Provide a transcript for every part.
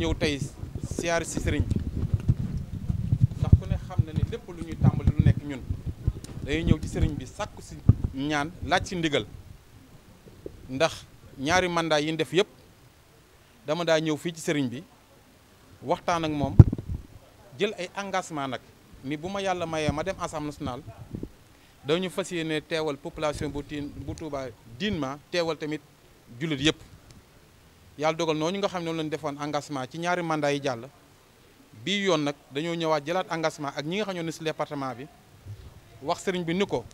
ñëw tey siyaar si sëriñ bi ndax ku ne xam na ne lépp lu ñuy tàmbali lu nekk ñun dañuy ñëw ci sëriñ bi sàkku si ñaan laaj si ndigal ndax ñaari mandat yi ñu def yëpp dama daa ñëw fii ci sëriñ bi waxtaan ak moom jël ay engagement nag ni bu ma yàlla mayee ma dem assemblée nationale dañu fas yéene teewal population bu tiin bu Touba diin ma teewal tamit jullit yëpp yàlla dogal noonu nga xam ne noonu lañ defoon engagement ci ñaari mandat yi jàll bii yoon nag dañoo ñëwaat jëlaat engagement ak ñi nga xam ne si département bi wax sëriñ bi ni ko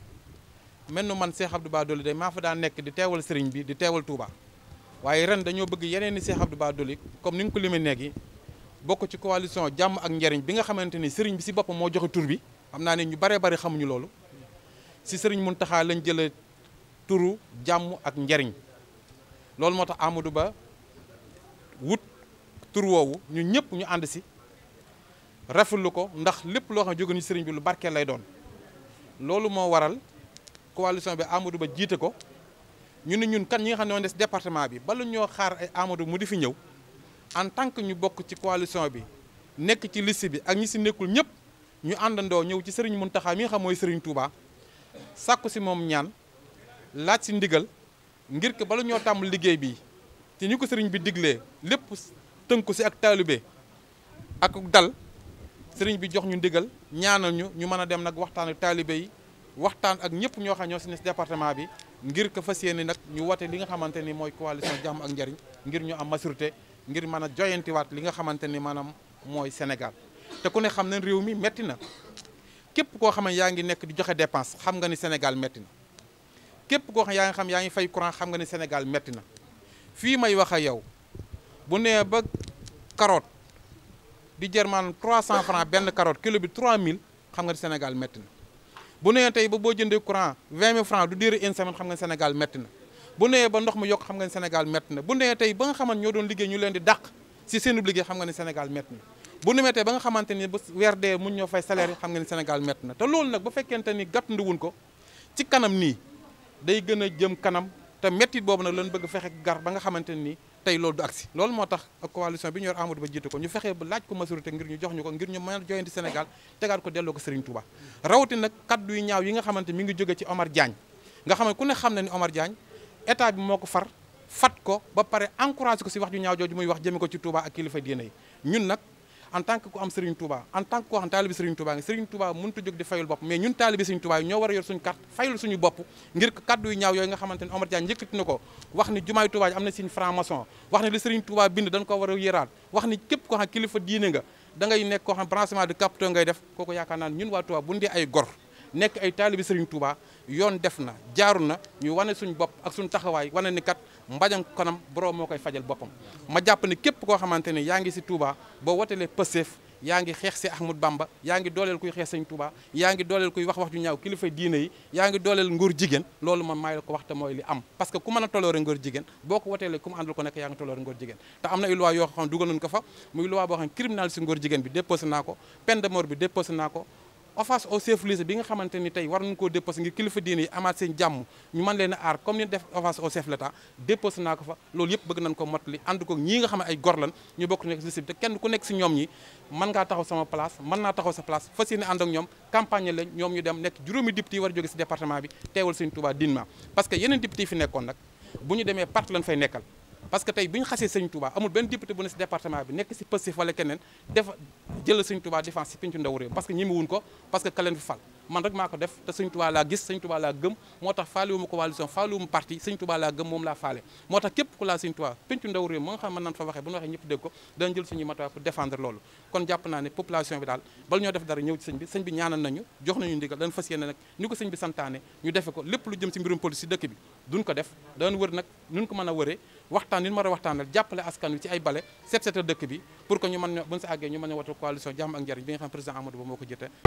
mel nu man Cheikh Abdou Bara Dolly day maa fa daan nekk di teewal sëriñ bi di teewal Touba waaye ren dañoo bëgg yeneen ni Cheikh Abdou Bara comme ni nga ko limee léegi bokk ci coalition jàmm ak njariñ bi nga xamante ni sëriñ bi si boppam moo joxe tur bi xam naa ne ñu baree bari xamuñu loolu si sëriñ taxaa lañ jëlee turu jàmm ak njariñ loolu moo tax Amadou Ba wut tur woowu ñun ñëpp ñu ànd si rafetlu ko ndax lépp loo xam ne jóge ñu sëriñ bi lu barkeel lay doon loolu moo waral coalition bi Amadou Ba jiite ko ñu ne ñun kan ñi nga xam ne ñoo des département bi bala ñoo xaar ay Amadou mu di fi ñëw en tant que ñu bokk ci coalition bi nekk ci list bi ak ñi si nekkul ñëpp ñu àndandoo ñëw ci sëriñ Mountakha mi nga xam mooy sëriñ Touba sàkku si moom ñaan laaj si ndigal ngir que bala ñoo tàmbali liggéey bi ci ñu ko sëriñ bi diglee lépp tënku si ak taalibe ak dal sëriñ bi jox ñu ndigal ñaanal ñu ñu mën a dem nag waxtaan ak taalibe yi waxtaan ak ñëpp ñoo xam ñoo si ne département bi ngir ko fas yéene nag ñu wate li nga xamante ni mooy coalition jàmm ak njariñ ngir ñu am maturité ngir mën a joyantiwaat li nga xamante ni maanaam mooy Sénégal te ku ne xam ne réew mi métti na képp koo xam yaa ngi nekk di joxe dépense xam nga ni Sénégal métti na képp koo xam yaa ngi xam yaa ngi fay courant xam nga ni Sénégal métti na fii may wax a yow bu nee ba carotte di jar maanaam 300 francs benn carotte kilo bi 3000 xam nga Sénégal métti na bu nee tey ba boo jëndee courant 20 000 francs du diir une semaine xam nga Sénégal métti na bu nee ba ndox mu yokk xam nga Sénégal métti na bu nee tey ba nga xamante ñoo doon liggéey ñu leen di dàq si seen liggéey xam nga ne Sénégal métti na bu nu mettee ba nga xamante ni ba weer dee mun ñoo fay salaire xam nga ni Sénégal métti na te loolu nag ba fekkente ni gàttandiwuñ ko ci kanam nii day gën a jëm kanam te méttit boobu nag lañ bëgg fexe gar ba nga xamante ni tey lool du agsi loolu moo tax ak coalition bi ñu yor Amadou Ba jiite ko ñu fexe ba laaj ko majorité ngir ñu jox ñu ko ngir ñu mën a joyanti Sénégal tegaat ko delloo ko Serigne Touba rawati nag kaddu ñaaw yi nga xamante mi ngi jóge ci Omar Diagne nga xam ne ku ne xam ne ni Omar Diagne état bi moo ko far fat ko ba pare encouragé ko si wax ju ñaaw jooju muy wax jëme ko ci Touba ak kilifa diine yi ñun nag en tant que ku am Serigne Touba en tant que koo xam taalibi Serigne Touba nga Serigne Touba mënut a jóg di fayul bopp mais ñun taalibi Serigne Touba yi ñoo war a yor suñu carte fayul suñu bopp ngir kaddu yooyu nga xamante Omar Diagne njëkkati na ko wax ni jumaay Touba ji am na signe franc wax ni li Serigne Touba bind dañ a ngay nekk koo xam branchement de capitaux ngay def kooku yaakaar naa ñun waa Touba bu ndee ay gor nekk ay taalibi Serigne Touba yoon def na jaaru na ñu wane suñ bopp ak suñ taxawaay wane ni kat mbañam kanam borom moo koy fajal boppam ma jàpp ni képp koo xamante ne yaa ngi si Touba boo wotelee Pastef yaa ngi xeex si Ahmad Bamba yaa ngi dooleel kuy xeex sëñ Touba yaa ngi dooleel kuy wax wax ju kilifa diine yaa ngi dooleel nguur jigéen loolu man maay la ko wax te mooy li am parce boo ko woteelee ku mu àndal ko nekk yaa ngi toloore nguur jigéen te am na ay yoo xam dugal nañ ko fa muy loi boo xam criminal si nguur jigéen bi déposé naa ko peine de mort bi naa ko offense au chef religieux bi nga xamante ni tey war nañu koo déposé ngir kilifa diine yi amaat seen jàmm ñu mën leen a aar comme ni def offense au chef l'état déposé naa ko fa loolu yëpp bëgg nañ ko mottali ànd ko ñii nga xam ne ay gor lan ñu bokk nekk liste bi te kenn ku nekk si ñoom ñi mën ngaa taxaw sama place mën naa taxaw sa place fas yéene ànd ak ñoom campagne lañ ñoom ñu dem nekk juróomi député yi war a jóge si département bi teewal Sëriñ Tuubaa dignement parce que yeneen député yi fi nekkoon nag bu ñu demee parti lañ fay nekkal parce que tey bi ñu xasee sëñ Touba amul benn député bu ne si département bi nekk si Pastef wala keneen def jël sëñ Touba défense si pincu ndaw réew si mbirum si dëkk bi duñ ko def daan wër nag nuñ ko mën a wëree waxtaan li ñu war a waxtaanal jàppale askan wi ci ay bale set setal dëkk bi pour que ñu mën buñ sa àggee ñu mën a watu coalition jàmm ak njariñ bi nga xam président Amadou Ba moo ko jëte